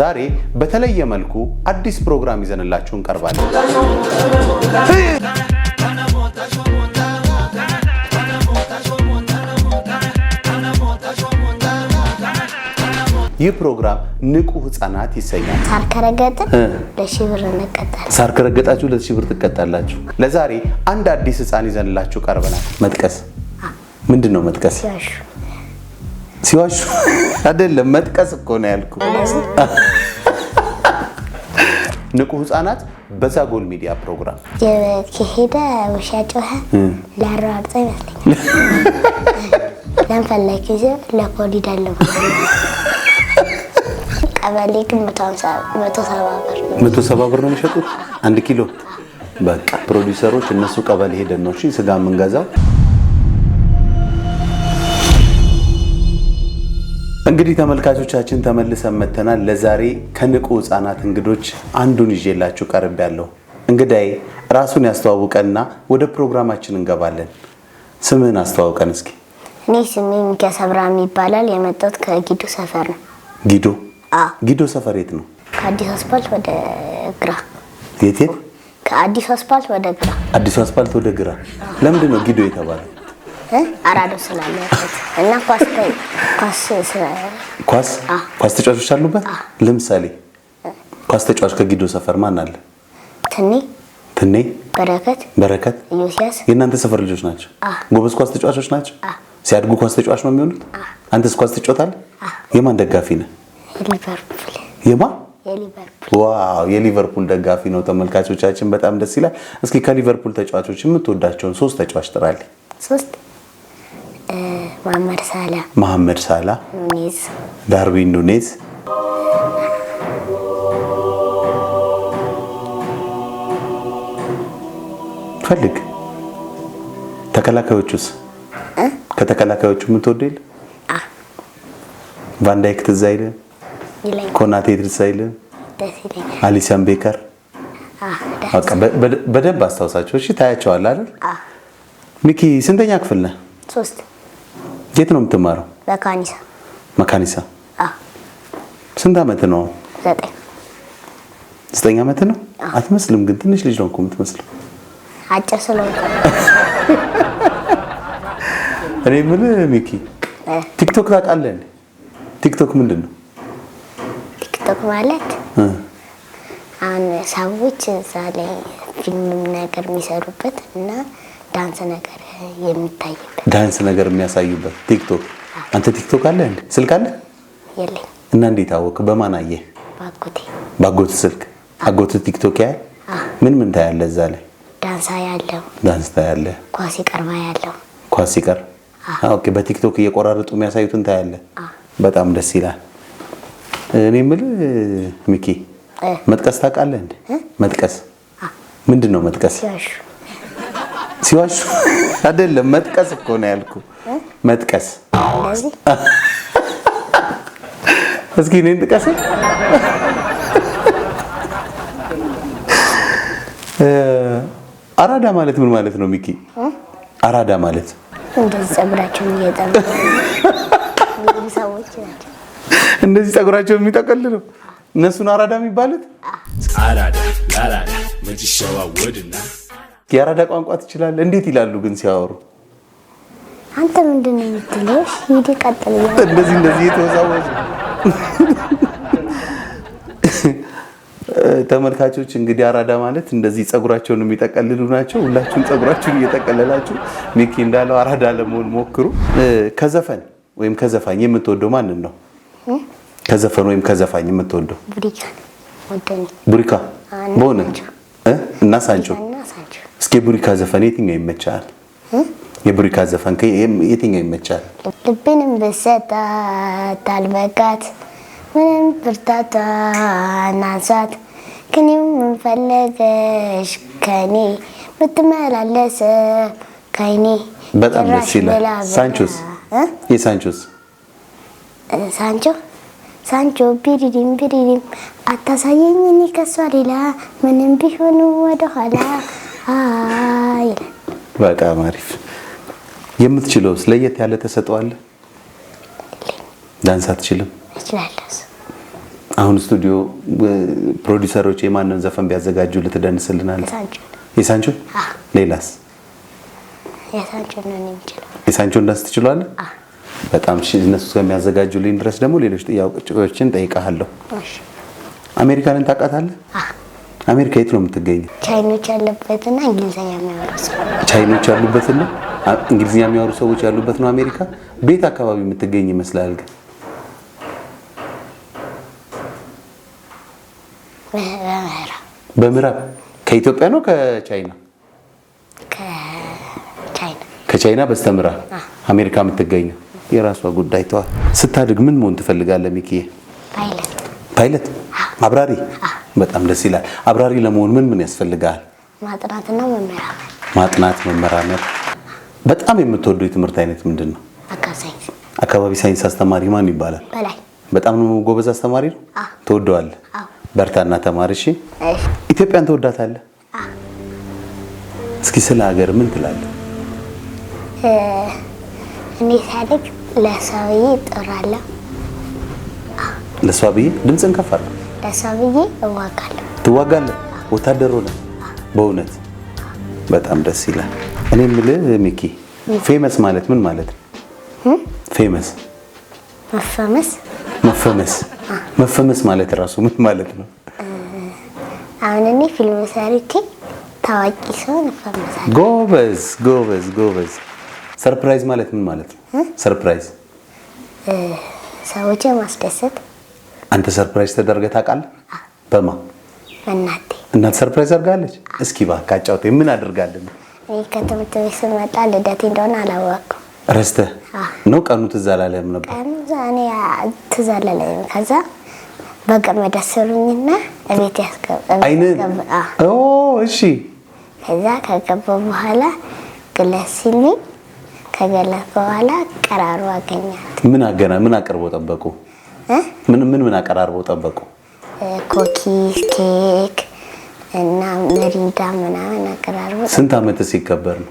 ዛሬ በተለየ መልኩ አዲስ ፕሮግራም ይዘንላችሁ እንቀርባለን። ይህ ፕሮግራም ንቁ ህፃናት ይሰኛል። ሳር ለሽብር ለሺ ብር እንቀጣለን። ሳር ከረገጣችሁ ለሺ ብር ትቀጣላችሁ። ለዛሬ አንድ አዲስ ህፃን ይዘንላችሁ ቀርበናል። መጥቀስ ምንድን ነው መጥቀስ ሲዋሹ አይደለም መጥቀስ እኮ ነው ያልኩ። ንቁ ህፃናት በዛጎል ሚዲያ ፕሮግራም ጀበት ከሄደ ውሻ ጮኸ ሊያሯርጠ ይመስለኛል። ለንፈለግ ጊዜ ለኮሊድ አለው ቀበሌ ግን መቶ ሰባ ብር ነው የሚሸጡት አንድ ኪሎ። በቃ ፕሮዲሰሮች እነሱ ቀበሌ ሄደን ነው ስጋ የምንገዛው። እንግዲህ ተመልካቾቻችን ተመልሰን መተናል ለዛሬ ከንቁ ህጻናት እንግዶች አንዱን ይዤላችሁ ቀርብ ያለው እንግዳይ ራሱን ያስተዋውቀንና ወደ ፕሮግራማችን እንገባለን። ስምህን አስተዋውቀን እስኪ። እኔ ስሜ ሚኪያስ አብርሃም ይባላል። የመጣሁት ከጊዶ ሰፈር ነው። ጊዶ ጊዶ ሰፈር የት ነው? ከአዲስ አስፓልት ወደ ግራ። የት የት? ከአዲስ አስፓልት ወደ ግራ። አዲስ አስፓልት ወደ ግራ። ለምንድን ነው ጊዶ የተባለው? አራዶ ስላለበት እና ኳስ ኳስ ኳስ ተጫዋቾች አሉበት። ለምሳሌ ኳስ ተጫዋች ከጊዶ ሰፈር ማን አለ? ትኔ ትኔ፣ በረከት በረከት፣ ዮሲያስ የእናንተ ሰፈር ልጆች ናቸው። ጎበዝ ኳስ ተጫዋቾች ናቸው። ሲያድጉ ኳስ ተጫዋች ነው የሚሆኑት። አንተስ ኳስ ትጫወታለህ? የማን ደጋፊ ነህ? ሊቨርፑል ዋው የሊቨርፑል ደጋፊ ነው። ተመልካቾቻችን በጣም ደስ ይላል። እስኪ ከሊቨርፑል ተጫዋቾች የምትወዳቸውን ሶስት ተጫዋች ጥራልኝ። መሐመድ ሳላ መሐመድ ሳላ፣ ኑኔዝ፣ ዳርዊን ኑኔዝ፣ ፈልግ። ተከላካዮቹስ ከተከላካዮቹ የምትወደው የለ? ቫንዳይክ ትዝ አይልህ? ኮናቴ ትዝ አይልህ? ቤከር በደንብ አስታውሳቸው። እሺ ታያቸዋለህ አይደል? ሚኪ ስንተኛ ክፍል ነህ? የት ነው የምትማረው? መካኒሳ። መካኒሳ። ስንት አመት ነው? ዘጠኝ ዘጠኝ አመት ነው። አትመስልም፣ ግን ትንሽ ልጅ ነው እኮ የምትመስለው። አጭር ስለሆንኩ። እኔ ምን ሚኪ፣ ቲክቶክ ታውቃለህ? ቲክቶክ ምንድን ነው? ቲክቶክ ማለት አሁን ሰዎች እዛ ላይ ፊልም ነገር የሚሰሩበት እና ዳንስ ነገር የሚታይበት ዳንስ ነገር የሚያሳዩበት ቲክቶክ። አንተ ቲክቶክ አለ እንዴ? ስልክ አለ? የለኝም። እና እንዴት አወቅ? በማን አየ? ባጎቴ ባጎት ስልክ። አጎት ቲክቶክ ያ ምን ምን ታያለ እዛ ላይ? ዳንስ ያለው ዳንስ ታያለ። ኳስ ይቀርባ ያለው ኳስ ይቀር። ኦኬ። በቲክቶክ እየቆራረጡ የሚያሳዩትን ያለ? በጣም ደስ ይላል። እኔ ምል ሚኪ መጥቀስ ታውቃለህ እንዴ? መጥቀስ ምንድን ነው መጥቀስ? ሲዋሹ አይደለም መጥቀስ እኮ ነው ያልኩ። መጥቀስ እስኪ እኔን ጥቀስ። አራዳ ማለት ምን ማለት ነው ሚኪ? አራዳ ማለት እንደዚህ ጸጉራቸውን እየጠሉ እንደዚህ ጸጉራቸውን የሚጠቀልሉ እነሱን አራዳ የሚባሉት አራዳ ላራዳ መጅሸዋ ወድና የአራዳ ቋንቋ ትችላለህ? እንዴት ይላሉ ግን ሲያወሩ? አንተ ምንድን ነው የምትለው? ሂድ ቀጥል። እንደዚህ እንደዚህ የተወዛወዙ ተመልካቾች እንግዲህ አራዳ ማለት እንደዚህ ጸጉራቸውን የሚጠቀልሉ ናቸው። ሁላችሁም ጸጉራችሁን እየጠቀለላችሁ ሚኪ እንዳለው አራዳ ለመሆን ሞክሩ። ከዘፈን ወይም ከዘፋኝ የምትወደው ማንን ነው? ከዘፈን ወይም ከዘፋኝ የምትወደው? ቡሪካ ቡሪካ እና ሳንቾ እስኪ የቡሪካ ዘፈን የትኛው ይመቻል? የቡሪካ ዘፈን የትኛው ይመቻል? ልብንም ብሰጣት አልበቃት ምንም ብርታቷ ናሳት ከኔው ምን ፈለገሽ ከኔ ምትመላለሰ ከኔ በጣም ደስ ይላል። ሳንቾስ የሳንቾስ ሳንቾ ሳንቾ ቢሪሪም ቢሪሪም አታሳየኝ እኔ ከሷ ሌላ ምንም ቢሆኑ ወደኋላ አይ በጣም አሪፍ። የምትችለውስ ለየት ያለ ተሰጠዋለ? ዳንስ አትችልም? አሁን ስቱዲዮ ፕሮዲውሰሮች የማንን ዘፈን ቢያዘጋጁ ልትደንስልናል? የሳንቾ ሌላስ? የሳንቾን ዳንስ ትችላለህ? በጣም እነሱ እስከሚያዘጋጁልኝ ድረስ ደግሞ ሌሎች ጥያቄዎችን ጠይቃለሁ። አሜሪካንን ታውቃታለህ? አሜሪካ የት ነው የምትገኘው? ቻይኖች ያለበትና እንግሊዝኛ የሚያወሩ ሰዎች ቻይኖች ያሉበትና እንግሊዝኛ የሚያወሩ ሰዎች ያሉበት ነው አሜሪካ። ቤት አካባቢ የምትገኝ ይመስላል። ግን በምዕራብ ከኢትዮጵያ ነው ከቻይና ከቻይና በስተምዕራብ አሜሪካ የምትገኘው የራሷ ጉዳይ ተዋል። ስታድግ ምን መሆን ትፈልጋለህ ሚኪዬ? ፓይለት አብራሪ በጣም ደስ ይላል። አብራሪ ለመሆን ምን ምን ያስፈልጋል? ማጥናትና መመራመር። ማጥናት፣ መመራመር። በጣም የምትወደው የትምህርት አይነት ምንድን ነው? አካባቢ ሳይንስ። አስተማሪ ማን ይባላል? በላይ። በጣም ነው ጎበዝ አስተማሪ ነው። ትወደዋለህ? በርታና ተማሪ። እሺ። ኢትዮጵያን ትወዳታለህ? እስኪ ስለ ሀገር ምን ትላለህ? እኔ ሳደግ ለሰው ብዬ ለሷ ብዬ ድምፅን ከፍ አድርግ ለዛ ብዬ እዋጋለሁ። ትዋጋለህ? ወታደሩ ሆነ በእውነት በጣም ደስ ይላል። እኔ የምልህ ሚኪ ፌመስ ማለት ምን ማለት ነው? ፌመስ መፈመስ መፈመስ መፈመስ ማለት ራሱ ምን ማለት ነው? አሁን እኔ ፊልም ሰርቼ ታዋቂ ሰው እንፈመሳለን። ጎበዝ ጎበዝ ጎበዝ። ሰርፕራይዝ ማለት ምን ማለት ነው? ሰርፕራይዝ ሰዎች ማስደሰት አንተ ሰርፕራይዝ ተደርገህ ታውቃለህ? በማ እናቴ እናት ሰርፕራይዝ አድርጋለች? እስኪ እባክህ አጫውተኝ። ምን አድርጋለች? ከትምህርት ቤት ስመጣ ልደቴ እንደሆነ አላወቅኩም። ረስተህ ነው? ቀኑ ትዝ አላለህም ነበር? ቀኑ እኔ ትዝ አላለኝም። ከዛ በገመድ አሰሩኝና እቤት ያስገባ። እሺ። ከዛ ከገባ በኋላ ግለስ ሲሉኝ ከገለስ በኋላ ቀራሩ አገኛት። ምን አገና ምን አቅርቦ ጠበቁ? ምን ምን ምን አቀራርበው ጠበቁ? ኮኪስ፣ ኬክ እና መሪንዳ ምናምን አቀራርበው። ስንት አመት ሲከበር ነው?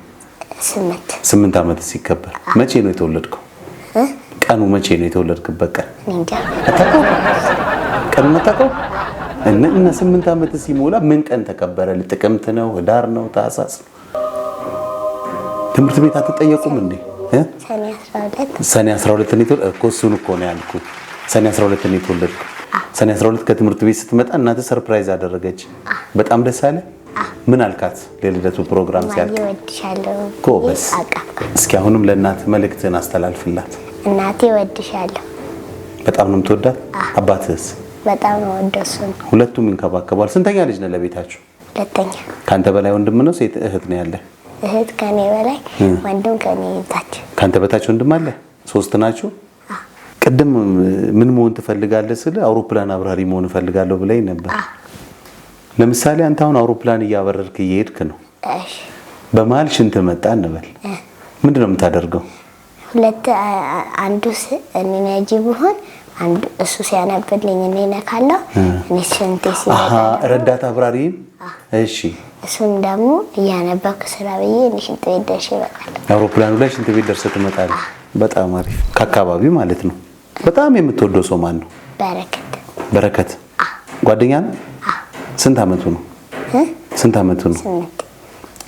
ስምንት ስምንት አመት ሲከበር። መቼ ነው የተወለድከው? ቀኑ መቼ ነው የተወለድክበት ቀን? እንጃ ቀኑን እና ስምንት አመት ሲሞላ ምን ቀን ተከበረ? ጥቅምት ነው? ህዳር ነው? ታህሳስ ነው? ትምህርት ቤት አትጠየቁም እንዴ? ሰኔ 12 ሰኔ 12 ነው እኮ እሱን እኮ ነው ያልኩት። ሰኔ 12 ነው የተወለድኩ። ሰኔ 12 ከትምህርት ቤት ስትመጣ እናት ሰርፕራይዝ አደረገች። በጣም ደስ አለ። ምን አልካት? ለልደቱ ፕሮግራም ሲያልቅ ጎበስ። እስኪ አሁንም ለእናት መልእክትን አስተላልፍላት። እናቴ እወድሻለሁ። በጣም ነው የምትወዳት። አባትህስ? በጣም ነው ወደሱ። ሁለቱም ይንከባከባል። ስንተኛ ልጅ ነው ለቤታችሁ? ሁለተኛ። ከአንተ በላይ ወንድም ነው ሴት እህት ነው ያለ? እህት ከኔ በላይ ወንድም ከኔ ታች። ከአንተ በታች ወንድም አለ? ሶስት ናችሁ? ቅድም ምን መሆን ትፈልጋለህ ስል አውሮፕላን አብራሪ መሆን እፈልጋለሁ ብለኝ ነበር። ለምሳሌ አንተ አሁን አውሮፕላን እያበረርክ እየሄድክ ነው። በመሀል ሽንት መጣ እንበል፣ ምንድን ነው የምታደርገው? ሁለት አንዱ እኔ ነጂ ብሆን አንዱ እሱ ሲያነብልኝ እኔ ነካለሁ። እኔ ሽንቴ ሲመጣ ረዳት አብራሪ እሺ እሱም ደግሞ እያነበብክ ስራ ብዬ ሽንት ቤት ደርሼ እመጣለሁ። አውሮፕላኑ ላይ ሽንት ቤት ደርሰህ ትመጣለህ። በጣም አሪፍ ከአካባቢ ማለት ነው። በጣም የምትወደው ሰው ማን ነው? በረከት። በረከት ጓደኛ ነው? ስንት አመቱ ነው? ስንት አመቱ ነው?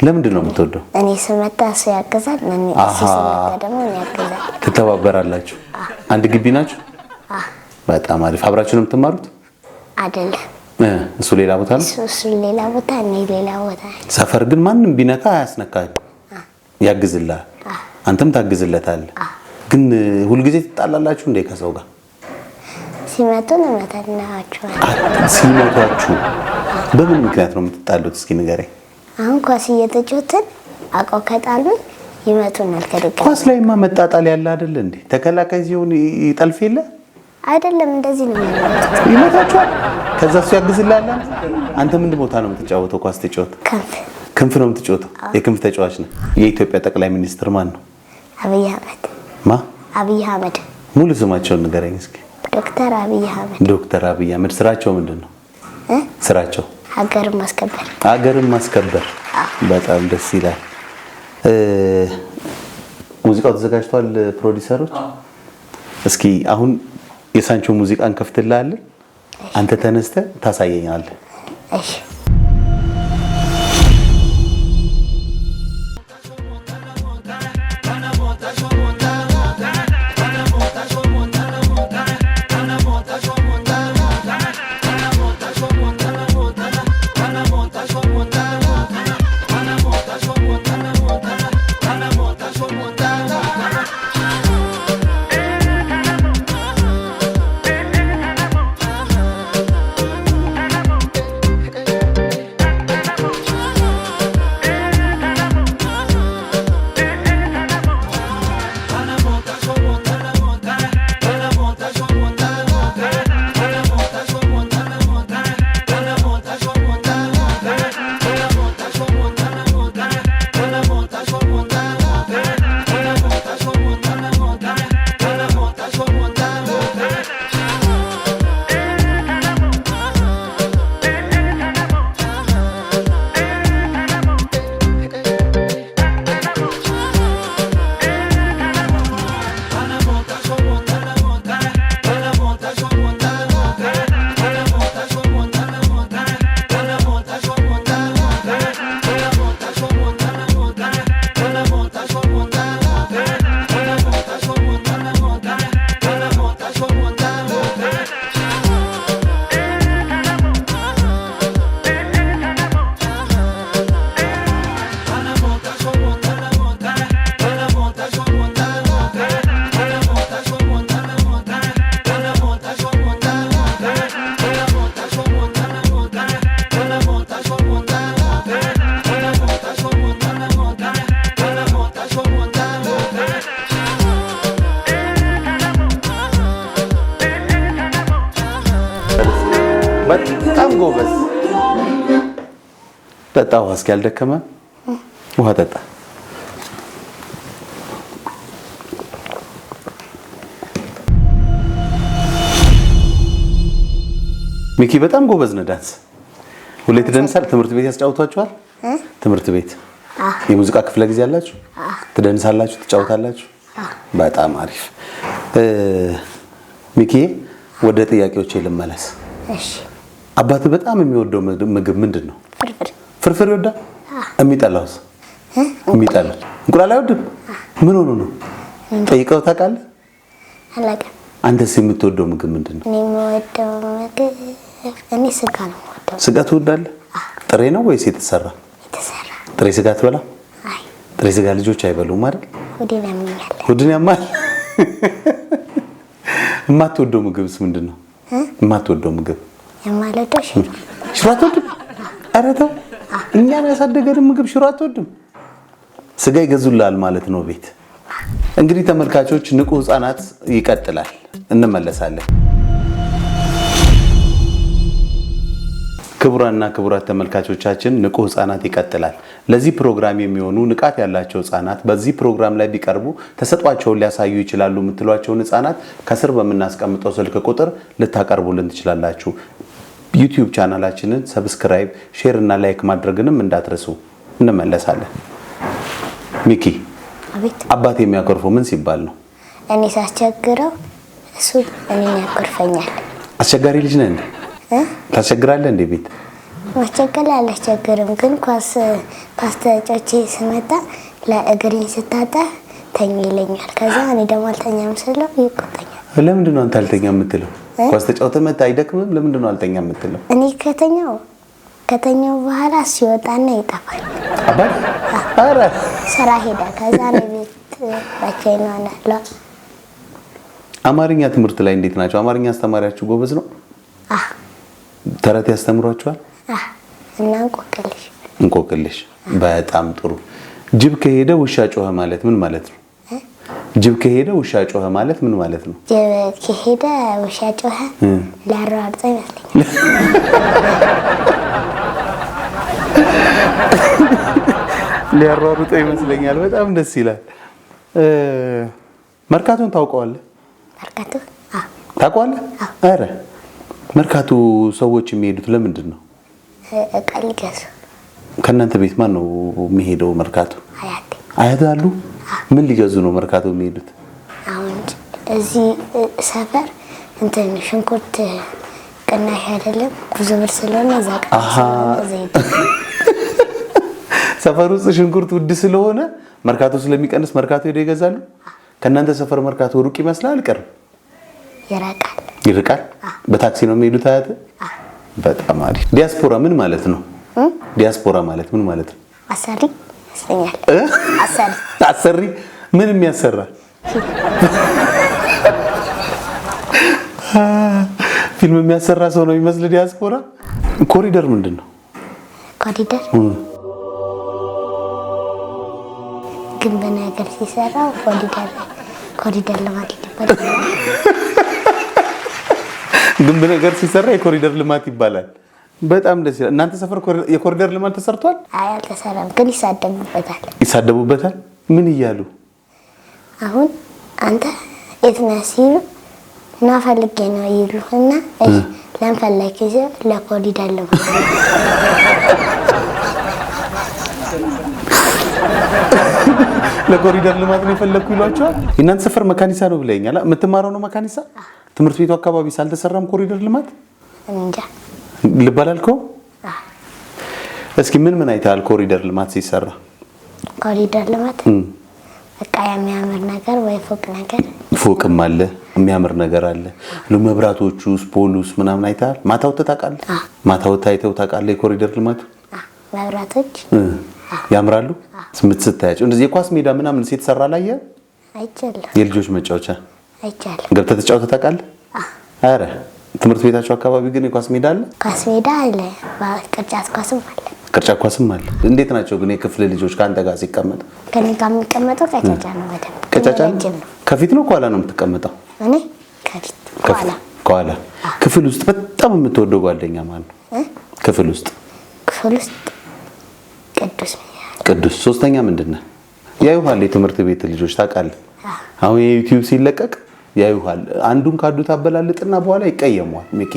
ለምንድን ነው የምትወደው? እኔ ስመጣ እሱ ያግዛል፣ እሱ ስመጣ ደግሞ እኔ ያግዛል። ትተባበራላችሁ? አንድ ግቢ ናችሁ? በጣም አሪፍ። አብራችሁ ነው የምትማሩት? አይደለም እሱ ሌላ ቦታ ነው፣ እሱ ሌላ ቦታ፣ እኔ ሌላ ቦታ። ሰፈር ግን ማንም ቢነካ አያስነካል፣ ያግዝልሃል፣ አንተም ታግዝለታለህ። ግን ሁልጊዜ ትጣላላችሁ እንዴ ከሰው ጋር? ሲመቱ እንመታናቸዋለን። ሲመቷችሁ በምን ምክንያት ነው የምትጣሉት? እስኪ ንገረኝ። አሁን ኳስ እየተጫወትን አውቀው ከጣሉን ይመቱናል። ከደቀ ኳስ ላይማ መጣጣል ያለ አይደል እንዴ? ተከላካይ ሲሆን ይጠልፍ የለ አይደለም? እንደዚህ ነው ይመታችኋል። ከዛ እሱ ያግዝላለ። አንተ ምንድን ቦታ ነው የምትጫወተው? ኳስ ተጫወት ክንፍ ክንፍ ነው የምትጫወተው። የክንፍ ተጫዋች ነው። የኢትዮጵያ ጠቅላይ ሚኒስትር ማን ነው? አብይ አህመድ ማ አብይ አህመድ ሙሉ ስማቸውን ንገረኝ እስኪ። ዶክተር አብይ አህመድ። ዶክተር አብይ አህመድ ስራቸው ምንድን ነው? ስራቸው ሀገርን ማስከበር። ሀገርን ማስከበር በጣም ደስ ይላል። ሙዚቃው ተዘጋጅቷል። ፕሮዲሰሮች እስኪ አሁን የሳንቾ ሙዚቃን ከፍትላለን? አንተ ተነስተ ታሳየኛለህ። ጠጣ፣ ውሃ ያልደከመ ውሃ ጠጣ። ሚኪ በጣም ጎበዝ ነው። ዳንስ ሁሌ ትደንሳል። ትምህርት ቤት ያስጫውቷችኋል? ትምህርት ቤት የሙዚቃ ክፍለ ጊዜ አላችሁ? ትደንሳላችሁ? ትጫውታላችሁ? በጣም አሪፍ። ሚኪ ወደ ጥያቄዎች ልመለስ። አባት በጣም የሚወደው ምግብ ምንድን ነው? ፍርፍር ይወዳል? የሚጠላውስ? የሚጠላል እንቁላል አይወድም? ምን ሆኖ ነው? ጠይቀው ታውቃለህ? አላውቅም። አንተስ የምትወደው ምግብ ምንድን ነው? እኔ ስጋ ነው የምወደው። ስጋ ትወዳለህ? ጥሬ ነው ወይስ የተሰራ? የተሰራ። ጥሬ ስጋ ትበላ? አይ፣ ጥሬ ስጋ ልጆች አይበሉም አይደል? ሆዴን ያመኛል። ሆዴን ያማል። የማትወደው ምግብስ ምንድን ነው? የማትወደው ምግብ የማልወደው ሽሮ። ሽሮ አትወድም? ኧረ ተው እኛን ያሳደገንም ምግብ ሽሮ አትወድም። ስጋ ይገዙላል ማለት ነው ቤት። እንግዲህ ተመልካቾች ንቁ ህፃናት ይቀጥላል። እንመለሳለን። ክቡራንና ክቡራት ተመልካቾቻችን ንቁ ህፃናት ይቀጥላል። ለዚህ ፕሮግራም የሚሆኑ ንቃት ያላቸው ህፃናት በዚህ ፕሮግራም ላይ ቢቀርቡ ተሰጧቸውን ሊያሳዩ ይችላሉ የምትሏቸውን ህፃናት ከስር በምናስቀምጠው ስልክ ቁጥር ልታቀርቡልን ትችላላችሁ። ዩቲዩብ ቻናላችንን ሰብስክራይብ፣ ሼር እና ላይክ ማድረግንም እንዳትረሱ። እንመለሳለን። ሚኪ አባት የሚያኮርፈው ምን ሲባል ነው? እኔ ሳስቸግረው እሱ እኔን ያኮርፈኛል። አስቸጋሪ ልጅ ነህ እንዴ? ታስቸግራለህ እንዴ? ቤት ማስቸገር አላስቸግርም፣ ግን ኳስ ስመጣ ለእግሬ ስታጣ ተኝ ይለኛል። ከዛ እኔ ደግሞ አልተኛም ስለው ይቆጠኛል። ለምንድን ነው አንተ አልተኛ የምትለው? ኳስ ተጫውተህ አይደክምም? ለምንድን ነው አልተኛ የምትለው? እኔ ከተኛው ከተኛው በኋላ ሲወጣና ይጠፋል። አባል ኧረ ስራ ሄዳ ከዛ ነው ቤት ብቻዬን እሆናለሁ። አማርኛ ትምህርት ላይ እንዴት ናቸው? አማርኛ አስተማሪያችሁ ጎበዝ ነው? ተረት ያስተምሯችኋል? እና እንቆቅልሽ እንቆቅልሽ። በጣም ጥሩ። ጅብ ከሄደ ውሻ ጮኸ ማለት ምን ማለት ነው? ጅብ ከሄደ ውሻ ጮኸ ማለት ምን ማለት ነው? ጅብ ከሄደ ውሻ ጮኸ ላሯርጦ ይመስለኛል። ሊያሯሩጦ ይመስለኛል። በጣም ደስ ይላል። መርካቶን ታውቀዋለህ? መርካቶ ታውቀዋለህ? ኧረ መርካቶ ሰዎች የሚሄዱት ለምንድን ነው? እቃ ከእናንተ ቤት ማን ነው የሚሄደው መርካቶ? አያት አሉ ምን ሊገዙ ነው መርካቶ የሚሄዱት? አሁን እዚህ ሰፈር እንትን ሽንኩርት ቅናሽ አይደለም ጉዞ ብር ስለሆነ እዛ ሰፈር ውስጥ ሽንኩርት ውድ ስለሆነ መርካቶ ስለሚቀንስ መርካቶ ሄደው ይገዛሉ። ከእናንተ ሰፈር መርካቶ ሩቅ ይመስላል? ቅርብ ይርቃል። ይርቃል። በታክሲ ነው የሚሄዱት አያት? በጣም አሪፍ። ዲያስፖራ ምን ማለት ነው? ዲያስፖራ ማለት ምን ማለት ነው? አሳሪ አሰሪ ምንም ያሰራ ፊልም የሚያሰራ ሰው ነው የሚመስል ዲያስፖራ። ኮሪደር ምንድን ነው? ኮሪደር ግንብ ነገር ሲሰራ ኮሪደር ኮሪደር ልማት ይባላል። ግንብ ነገር ሲሰራ የኮሪደር ልማት ይባላል። በጣም ደስ ይላል። እናንተ ሰፈር የኮሪደር ልማት ተሰርቷል? አይ አልተሰራም፣ ግን ይሳደቡበታል። ይሳደቡበታል? ምን እያሉ አሁን አንተ የት ነህ ሲሉ እና ፈልጌ ነው ይሉ እና ለንፈለግ ጊዜ ለኮሪደር ልማት ለኮሪደር ልማት ነው የፈለግኩ ይሏቸዋል። የእናንተ ሰፈር መካኒሳ ነው ብለኛል። የምትማረው ነው መካኒሳ? ትምህርት ቤቱ አካባቢ ሳልተሰራም ኮሪደር ልማት እንጃ ልባል አልከው። እስኪ ምን ምን አይተሃል ኮሪደር ልማት ሲሰራ? ኮሪደር ልማት በቃ የሚያምር ነገር ወይ ፎቅ ነገር ፎቅም አለ የሚያምር ነገር አለ። መብራቶቹስ ስፖሉስ ምናምን አይተሃል? ማታ ወጥተህ ታውቃለህ? ማታ ወጥተህ አይተው ታውቃለህ? የኮሪደር ልማቱ መብራቶች ያምራሉ። ስምት ስታያቸው እንደዚህ የኳስ ሜዳ ምናምን ሲተሰራ ላይ የልጆች መጫወቻ አይቻለሁ። ገብተህ ተጫውተህ ታውቃለህ? አረ ትምህርት ቤታቸው አካባቢ ግን የኳስ ሜዳ አለ፣ ኳስ ሜዳ አለ፣ ቅርጫት ኳስም አለ፣ ቅርጫት ኳስም አለ። እንዴት ናቸው ግን የክፍል ልጆች ከአንተ ጋር ሲቀመጡ? ከኔ ጋር የሚቀመጠው ቀጫጫ ነው፣ በደንብ ቀጫጫ ነው። ከፊት ነው ከኋላ ነው የምትቀመጠው? እኔ ከፊት ከኋላ ከኋላ። ክፍል ውስጥ በጣም የምትወደው ጓደኛ ማለት ነው? ክፍል ውስጥ ክፍል ውስጥ ቅዱስ ቅዱስ። ሶስተኛ ምንድን ነህ? ያዩሃል የትምህርት ቤት ልጆች ታውቃለህ። አሁን የዩቲዩብ ሲለቀቅ ያዩሃል። አንዱን ካዱት አበላልጥና በኋላ ይቀየመዋል። ሚኪ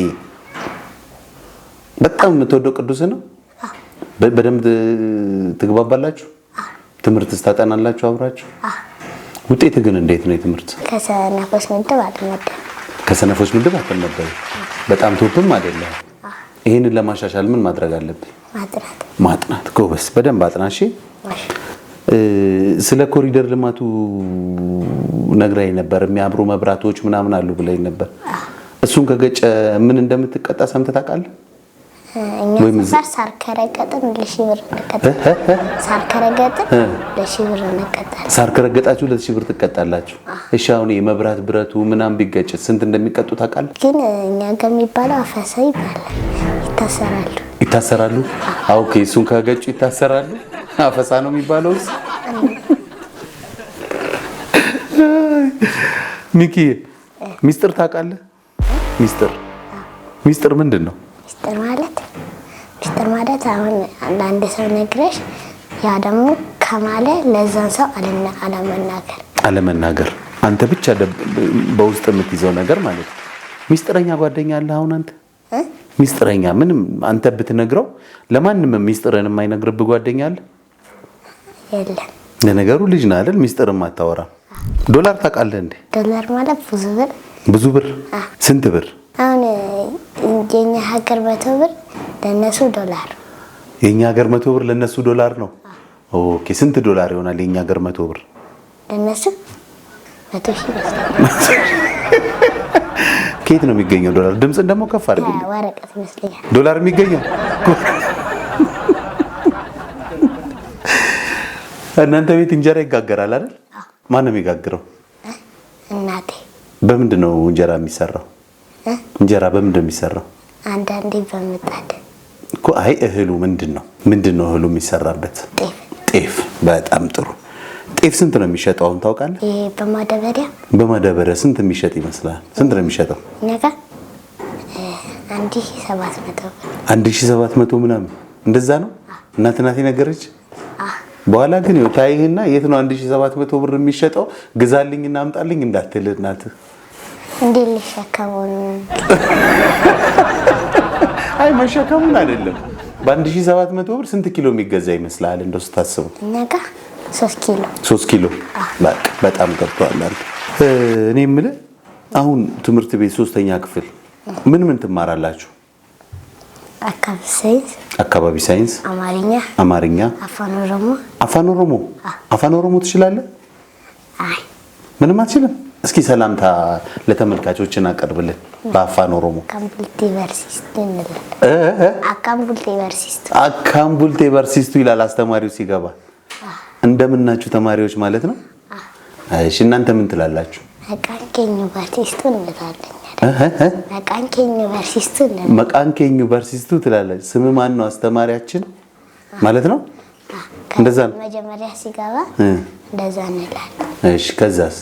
በጣም የምትወደው ቅዱስ ነው። በደንብ ትግባባላችሁ። ትምህርት ስታጠናላችሁ አብራችሁ። ውጤት ግን እንዴት ነው? የትምህርት ከሰነፎች ምድብ አልነበረ ከሰነፎች ምድብ በጣም ቶፕም አይደለም። ይህንን ለማሻሻል ምን ማድረግ አለብ ማጥናት። ጎበስ በደንብ አጥና። እሺ ስለ ኮሪደር ልማቱ ነግራኝ ነበር። የሚያምሩ መብራቶች ምናምን አሉ ብለኝ ነበር። እሱን ከገጨ ምን እንደምትቀጣ ሰምተህ ታውቃለህ? እኛ ሰፈር ሳር ከረገጥን ለሺህ ብር እንቀጣለን። ሳር ከረገጥን ለሺህ ብር እንቀጣለን። ሳር ከረገጣችሁ ለሺህ ብር ትቀጣላችሁ። እሺ፣ አሁን የመብራት ብረቱ ምናምን ቢገጭ ስንት እንደሚቀጡ ታውቃለህ? ግን እኛ ጋር የሚባለው አፈሳ ይባላል። ይታሰራሉ፣ ይታሰራሉ። ኦኬ፣ እሱን ከገጩ ይታሰራሉ። አፈሳ ነው የሚባለው። ሚኪ ሚስጥር ታውቃለህ? ሚስጥር ሚስጥር ምንድን ነው? ሚስጥር ማለት ሚስጥር ማለት አሁን አንዳንድ ሰው ነግረሽ ያ ደግሞ ከማለ ለዛን ሰው አለመናገር አለመናገር አንተ ብቻ በውስጥ የምትይዘው ነገር ማለት ነው። ሚስጥረኛ ጓደኛ አለ? አሁን አንተ ሚስጥረኛ ምንም አንተ ብትነግረው ለማንም ሚስጥርን የማይነግርብ ጓደኛ አለ? የለም። ለነገሩ ልጅ ነህ አይደል? ሚስጥር ማታወራ። ዶላር ታውቃለህ እንዴ? ዶላር ማለት ብዙ ብር። ብዙ ብር ስንት ብር? አሁን የኛ ሀገር መቶ ብር ለነሱ ዶላር። የኛ ሀገር መቶ ብር ለነሱ ዶላር ነው። ኦኬ ስንት ዶላር ይሆናል የኛ ሀገር መቶ ብር? ለነሱ መቶ ሺህ ከየት ነው የሚገኘው ዶላር? ድምፅን ደግሞ ከፍ አድርግ። ወረቀት ይመስለኛል ዶላር የሚገኘው እናንተ ቤት እንጀራ ይጋገራል አይደል? ማን ነው የሚጋግረው? እናቴ። በምንድን ነው እንጀራ የሚሰራው? እንጀራ በምንድን ነው የሚሰራው? አንዳንዴ በምጣድ እኮ። አይ እህሉ ምንድን ነው ምንድን ነው እህሉ የሚሰራበት? ጤፍ። በጣም ጥሩ። ጤፍ ስንት ነው የሚሸጠው? አሁን ታውቃለህ? በማዳበሪያ በማዳበሪያ ስንት የሚሸጥ ይመስላል? ስንት ነው የሚሸጠው? ነገ አንድ ሺህ ሰባት መቶ ምናምን እንደዛ ነው። እናት ናት የነገረች በኋላ ግን ታይህና የት ነው 1700 ብር የሚሸጠው ግዛልኝና አምጣልኝ እንዳትል እናትህ። እንዴት ልሸከመው? አይ መሸከሙን አይደለም። በ1700 ብር ስንት ኪሎ የሚገዛ ይመስልሃል እንደው ስታስበው? ነገ 3 ኪሎ 3 ኪሎ በቃ በጣም ገብቷል። እኔ የምልህ አሁን ትምህርት ቤት ሶስተኛ ክፍል ምን ምን ትማራላችሁ? አካባቢ ሳይንስ፣ አማርኛ፣ አፋን ኦሮሞ። አፋን ኦሮሞ ትችላለህ? ምንም አትችልም። እስኪ ሰላምታ ለተመልካቾችን አቀርብልን በአፋን ኦሮሞ። አካምቡልቴ በርሲስቱ ይላል አስተማሪው ሲገባ። እንደምናችሁ ተማሪዎች ማለት ነው። እሺ እናንተ ምን ትላላችሁ? ቀንቄኝ በርሲስቱ እንላለን። መቃንኬ ዩኒቨርሲቲ ትላለች። ስም ማን ነው አስተማሪያችን ማለት ነው? እንደዛ ነው መጀመሪያ ሲገባ እንደዛ እንላለን። እሺ ከዛስ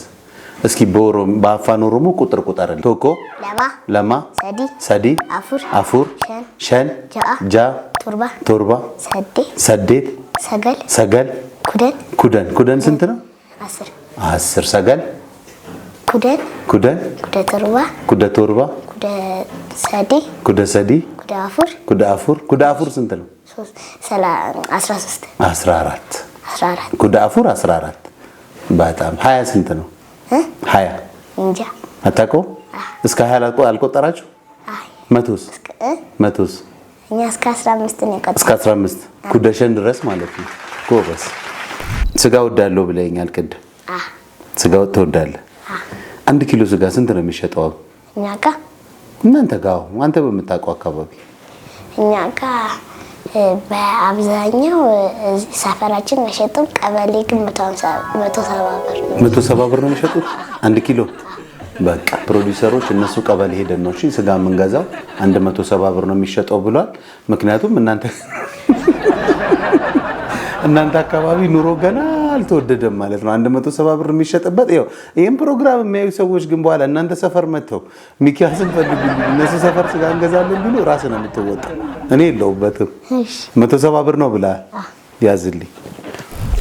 እስኪ በኦሮሞ በአፋን ኦሮሞ ቁጥር ቁጠር። ቶኮ፣ ለማ፣ ሰዲ፣ አፉር፣ ሸን፣ ጃ፣ ቶርባ፣ ሰዴት፣ ሰገል፣ ኩደን። ኩደን ስንት ነው? አስር ሰገል ኩደን Kudeen. ኩደ torba. ኩደ ቶርባ ኩደ sadii. ኩደ ሰዲ ኩደ አፉር Kudha afur. Kudha afur ስንት ነው? አስራ ሦስት አስራ አራት ኩዳ አፉር አስራ አራት በጣም ሀያ ስንት ነው? ሀያ እንጃ አታውቀውም? እስከ ሀያ አልቆጠራችሁ? መቶስ መቶስ እኛ እስከ አስራ አምስት ነው የቆጠረው። እስከ አስራ አምስት ኩደሸን ድረስ ማለት ነው። ጎበዝ። ስጋ ወዳለሁ ብለኛል ቅድም። ስጋ ትወዳለህ? አንድ ኪሎ ስጋ ስንት ነው የሚሸጠው? እኛ ጋ እናንተ ጋ አንተ በምታውቀው አካባቢ እኛ ጋ በአብዛኛው ሰፈራችን መሸጡም ቀበሌ ግን መቶ ሰባ ብር ነው የሚሸጡት አንድ ኪሎ። በቃ ፕሮዲውሰሮች እነሱ ቀበሌ ሄደን ነው እሺ ስጋ የምንገዛው አንድ መቶ ሰባ ብር ነው የሚሸጠው ብሏል። ምክንያቱም እናንተ እናንተ አካባቢ ኑሮ ገና አልተወደደም ማለት ነው። 170 ብር የሚሸጥበት ው ይህም ፕሮግራም የሚያዩ ሰዎች ግን በኋላ እናንተ ሰፈር መጥተው ሚኪያስን ፈልጉ እነሱ ሰፈር ስጋ እንገዛለን ቢሉ ራስ ነው የምትወጣው። እኔ መቶ 170 ብር ነው ብላ ያዝልኝ።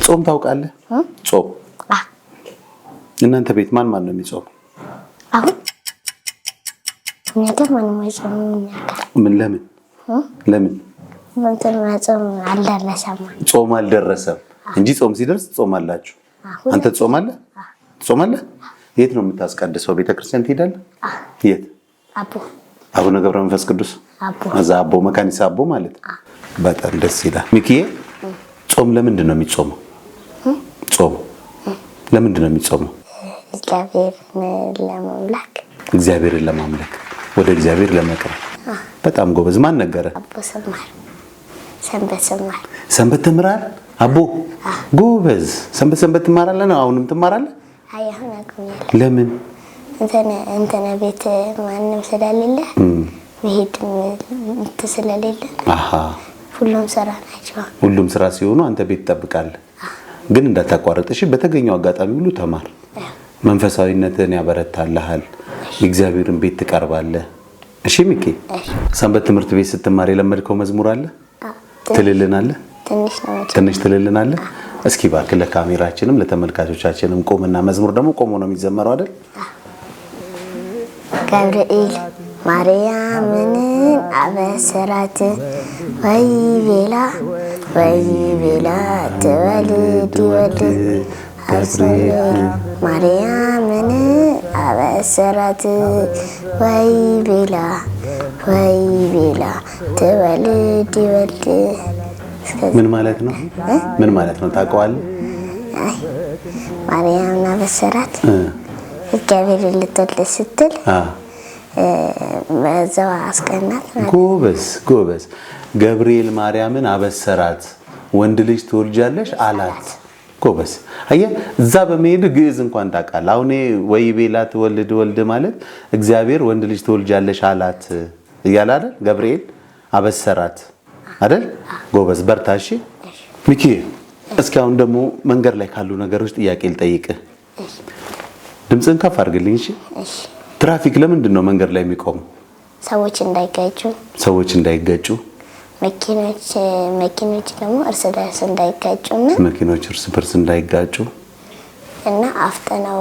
ጾም ታውቃለህ? ጾም እናንተ ቤት ማን ማን ነው የሚጾም? ምን ለምን ለምን ጾም አልደረሰም? እንጂ ጾም ሲደርስ ትጾማላችሁ? አንተ ትጾማለህ? ትጾማለህ? የት ነው የምታስቀድሰው? ቤተክርስቲያን ትሄዳለህ? የት? አቡነ ገብረ መንፈስ ቅዱስ እዛ አቦ መካኒሳ አቦ ማለት በጣም ደስ ይላል። ሚኪዬ ጾም ለምንድን ነው የሚጾመው? ጾም ለምንድን ነው የሚጾመው? እግዚአብሔርን ለማምለክ ወደ እግዚአብሔር ለመቅረብ። በጣም ጎበዝ። ማን ነገረ? ሰንበት ተምራል አቦ ጎበዝ። ሰንበት ሰንበት ትማራለህ ነው? አሁንም ትማራለህ? አይ አሁን አቁሜያለሁ። ለምን? እንትን እንትን ቤት ማንም ስለሌለ መሄድ እንትን ስለሌለ፣ አሃ ሁሉም ስራ ናቸው። ሁሉም ስራ ሲሆኑ አንተ ቤት ትጠብቃለህ። ግን እንዳታቋርጥ እሺ። በተገኘው አጋጣሚ ሁሉ ተማር። መንፈሳዊነትን ያበረታልሃል። የእግዚአብሔርን ቤት ትቀርባለህ። እሺ ሚኪ፣ ሰንበት ትምህርት ቤት ስትማር የለመድከው መዝሙር አለ? ትልልናለህ? ትንሽ ትልልናለህ? እስኪ ባክ ለካሜራችንም ለተመልካቾቻችንም ቁምና፣ መዝሙር ደግሞ ቆሞ ነው የሚዘመረው አይደል? ገብርኤል ማርያምን አበስራት ወይ ቤላ ወይ ቤላ ትወልድ ይወልድ ገብርኤል ማርያምን አበስራት ወይ ቤላ ወይ ቤላ ትወልድ ይወልድ ምን ማለት ነው? ምን ማለት ነው ታውቀዋለህ? ማርያም በሰራት እግዚአብሔር ልትወልድ ስትል በዛው አስቀናት። ጎበዝ ጎበዝ። ገብርኤል ማርያምን አበሰራት ወንድ ልጅ ትወልጃለሽ አላት። ጎበዝ። አየህ እዛ በመሄድ ግዕዝ እንኳን ታውቃለህ። አሁን ቤላ ትወልድ ወልድ ማለት እግዚአብሔር ወንድ ልጅ ትወልጃለሽ አላት እያለ አይደል? ገብርኤል አበሰራት አይደል? ጎበዝ በርታ። እሺ ሚኪ፣ እስኪ አሁን ደግሞ መንገድ ላይ ካሉ ነገሮች ጥያቄ ልጠይቅ። ድምፅን ከፍ አድርግልኝ። እሺ። ትራፊክ ለምንድን ነው መንገድ ላይ የሚቆሙ? ሰዎች እንዳይጋጩ። ሰዎች እንዳይጋጩ። መኪኖች መኪኖች ደግሞ እርስ በርስ እንዳይጋጩና መኪኖች እርስ በርስ እንዳይጋጩ እና አፍጥነው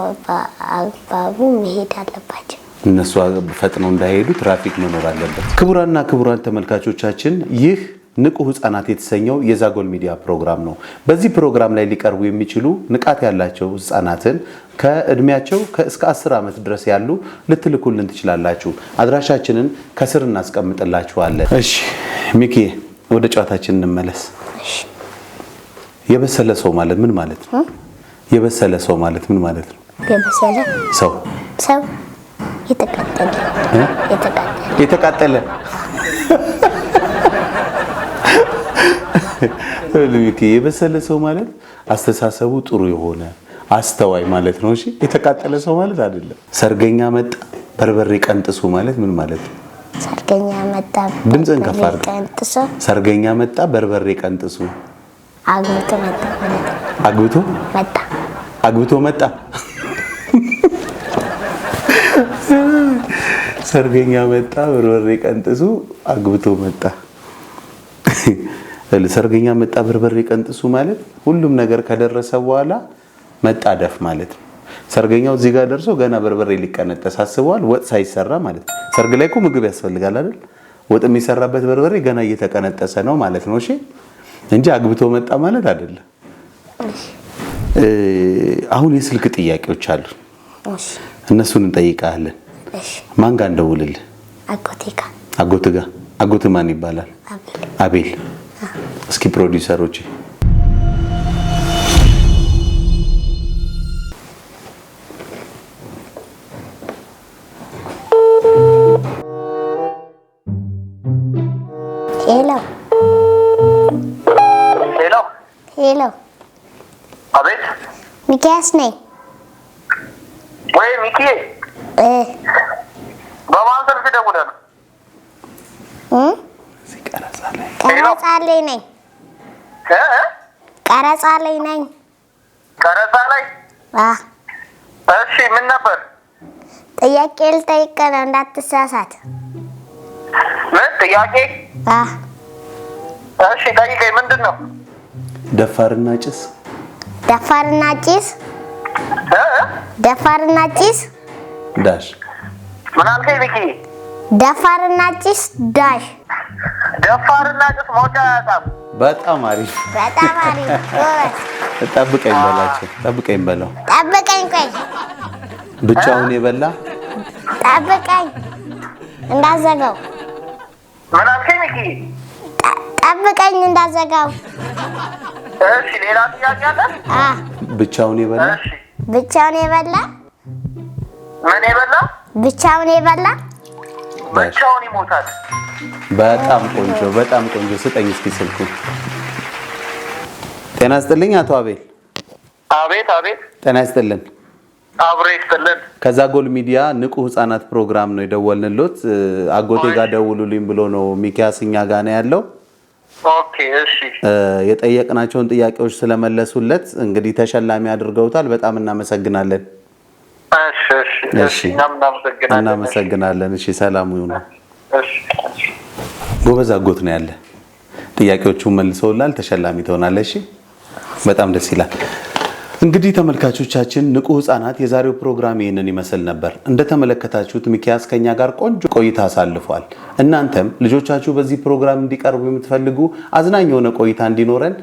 አባቡ መሄድ አለባቸው። እነሱ ፈጥነው እንዳይሄዱ ትራፊክ መኖር አለበት። ክቡራንና ክቡራን ተመልካቾቻችን ይህ ንቁ ህጻናት የተሰኘው የዛጎል ሚዲያ ፕሮግራም ነው። በዚህ ፕሮግራም ላይ ሊቀርቡ የሚችሉ ንቃት ያላቸው ህጻናትን ከእድሜያቸው እስከ 10 ዓመት ድረስ ያሉ ልትልኩልን ትችላላችሁ። አድራሻችንን ከስር እናስቀምጥላችኋለን። እሺ ሚኪ፣ ወደ ጨዋታችን እንመለስ። የበሰለ ሰው ማለት ምን ማለት ነው? የበሰለ ሰው ማለት ምን ማለት ነው? የበሰለ ሰው ሰው የተቃጠለ የተቃጠለ የበሰለ ሰው ማለት አስተሳሰቡ ጥሩ የሆነ አስተዋይ ማለት ነው። እሺ የተቃጠለ ሰው ማለት አይደለም። ሰርገኛ መጣ በርበሬ ቀንጥሱ ማለት ምን ማለት ነው? ሰርገኛ መጣ ድምፅን ከፍ ቀንጥሱ ሰርገኛ መጣ በርበሬ ቀንጥሱ አግብቶ መጣ አግብቶ መጣ አግብቶ መጣ ሰርገኛ መጣ በርበሬ ቀንጥሱ አግብቶ መጣ ሰርገኛ መጣ በርበሬ ቀንጥሱ ማለት ሁሉም ነገር ከደረሰ በኋላ መጣደፍ ማለት ነው። ሰርገኛው እዚህ ጋር ደርሶ ገና በርበሬ ሊቀነጠስ አስበዋል፣ ወጥ ሳይሰራ ማለት ነው። ሰርግ ላይ እኮ ምግብ ያስፈልጋል አይደል? ወጥ የሚሰራበት በርበሬ ገና እየተቀነጠሰ ነው ማለት ነው። እሺ እንጂ አግብቶ መጣ ማለት አይደለም። አሁን የስልክ ጥያቄዎች አሉ፣ እነሱን እንጠይቃለን። ማን ጋር እንደውልልህ? አጎቴ ጋር። አጎት ማን ይባላል? አቤል እስኪ ፕሮዲውሰሮች ሄሎ ሄሎ ሄሎ፣ አቤት ሚኪያስ ነኝ ወይ ሚኪ ቀረጻ ላይ ነኝ። ቀረጻ ላይ ነኝ። ቀረጻ ላይ እሺ። ምን ነበር ጥያቄ ልጠይቅ ነው፣ እንዳትሳሳት። ምን ጥያቄ? እሺ ጠይቀኝ። ምንድን ነው? ደፋርና ጭስ ደፋርና ጭስ ደፋርና ጭስ ዳሽ ምን አልከኝ? ሚኪ ደፋርና ጭስ ዳሽ ደፋርና ጭስ መውጫ አያጣም። በጣም አሪፍ በጣም አሪፍ ጠብቀኝ በላቸው። ጠብቀኝ በለው። ጠብቀኝ ቆይ ብቻውን የበላ ጠብቀኝ እንዳዘጋው ምን አልከኝ? ጠብቀኝ እንዳዘጋው። እሺ ሌላ ጥያቄ አለ? ብቻውን የበላ ብቻውን የበላ ምን የበላ ብቻውን የበላ ብቻውን ይሞታል። በጣም ቆንጆ በጣም ቆንጆ። ስጠኝ እስኪ ስልኩ። ጤና ይስጥልኝ አቶ አቤል። አቤት አቤት። ጤና ይስጥልን። አብሮ ይስጥልን። ከዛ ጎል ሚዲያ ንቁ ህፃናት ፕሮግራም ነው የደወልንሎት። አጎቴ ጋር ደውሉልኝ ብሎ ነው ሚኪያስ፣ እኛ ጋ ነው ያለው። የጠየቅናቸውን ጥያቄዎች ስለመለሱለት እንግዲህ ተሸላሚ አድርገውታል። በጣም እናመሰግናለን። እናመሰግናለን። እሺ ሰላም ይሁን። ጎበዝ አጎት ነው ያለ። ጥያቄዎቹን መልሰውላል። ተሸላሚ ትሆናለህ። እሺ፣ በጣም ደስ ይላል። እንግዲህ ተመልካቾቻችን ንቁ ህፃናት የዛሬው ፕሮግራም ይህንን ይመስል ነበር። እንደተመለከታችሁት ሚኪያስ ከኛ ጋር ቆንጆ ቆይታ አሳልፏል። እናንተም ልጆቻችሁ በዚህ ፕሮግራም እንዲቀርቡ የምትፈልጉ አዝናኝ የሆነ ቆይታ እንዲኖረን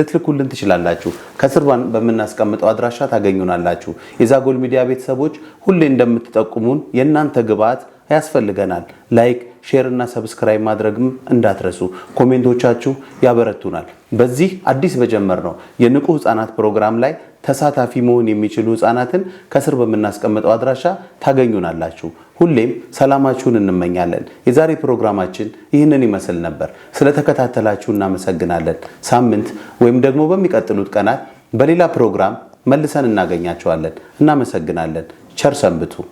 ልትልኩልን ትችላላችሁ። ከስር በምናስቀምጠው አድራሻ ታገኙናላችሁ። የዛጎል ሚዲያ ቤተሰቦች ሁሌ እንደምትጠቁሙን የእናንተ ግብዓት ያስፈልገናል። ላይክ ሼር እና ሰብስክራይብ ማድረግም እንዳትረሱ። ኮሜንቶቻችሁ ያበረቱናል። በዚህ አዲስ በጀመር ነው የንቁ ህፃናት ፕሮግራም ላይ ተሳታፊ መሆን የሚችሉ ህፃናትን ከስር በምናስቀምጠው አድራሻ ታገኙናላችሁ። ሁሌም ሰላማችሁን እንመኛለን። የዛሬ ፕሮግራማችን ይህንን ይመስል ነበር። ስለተከታተላችሁ እናመሰግናለን። ሳምንት ወይም ደግሞ በሚቀጥሉት ቀናት በሌላ ፕሮግራም መልሰን እናገኛቸዋለን። እናመሰግናለን። ቸር ሰንብቱ።